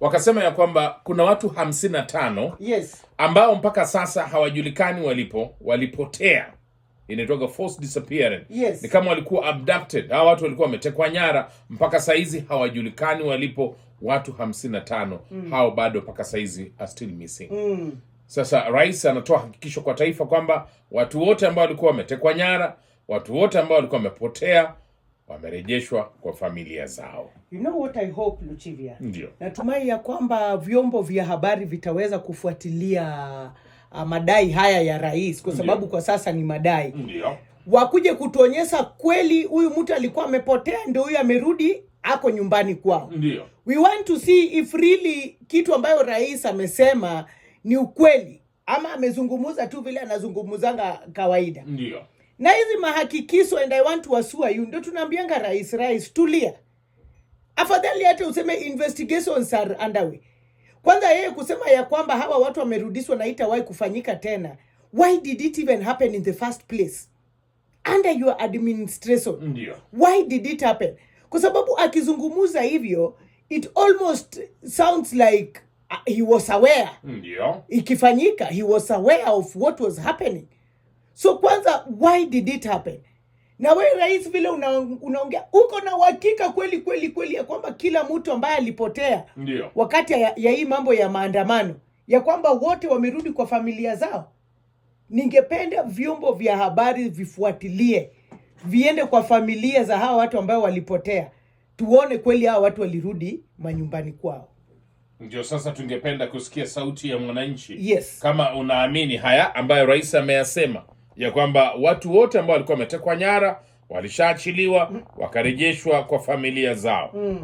wakasema ya kwamba kuna watu hamsina tano yes, ambao mpaka sasa hawajulikani walipo, walipotea inaitwaga disappearance yes. Ni kama walikuwa abducted, hawa watu walikuwa wametekwa nyara, mpaka saizi hawajulikani walipo. Watu hamsina tano mm. hao bado mpaka sahizi are still missing mm. Sasa rais anatoa hakikisho kwa taifa kwamba watu wote ambao walikuwa wametekwa nyara, watu wote ambao walikuwa wamepotea wamerejeshwa kwa familia zao. You know what I hope Luchivia? Ndio. Natumai ya kwamba vyombo vya habari vitaweza kufuatilia uh, madai haya ya rais kwa sababu Ndiyo. kwa sasa ni madai Ndiyo. wakuje kutuonyesha kweli huyu mtu alikuwa amepotea, ndio huyu amerudi ako nyumbani kwao. Ndio. We want to see if really kitu ambayo rais amesema ni ukweli ama amezungumuza tu vile anazungumuzanga kawaida. Ndio na hizi mahakikisho and I want to assure you, ndio tunaambianga rais rais, tulia. Afadhali hata useme investigations are underway. Kwanza yeye kusema ya kwamba hawa watu wamerudishwa na itawahi kufanyika tena, why did it even happen in the first place under your administration? Ndio, why did it happen? Kwa sababu akizungumuza hivyo it almost sounds like uh, he was aware. Ndio, ikifanyika he was aware of what was happening So kwanza, why did it happen? Na wewe rais, vile unaongea, uko na uhakika kweli kweli kweli ya kwamba kila mtu ambaye alipotea ndio wakati ya, ya hii mambo ya maandamano ya kwamba wote wamerudi kwa familia zao? Ningependa vyombo vya habari vifuatilie, viende kwa familia za hawa watu ambao walipotea, tuone kweli hawa watu walirudi manyumbani kwao. Ndio sasa tungependa kusikia sauti ya mwananchi. Yes. Kama unaamini haya ambayo rais ameyasema ya kwamba watu wote ambao walikuwa wametekwa nyara walishaachiliwa mm. wakarejeshwa kwa familia zao. Mm.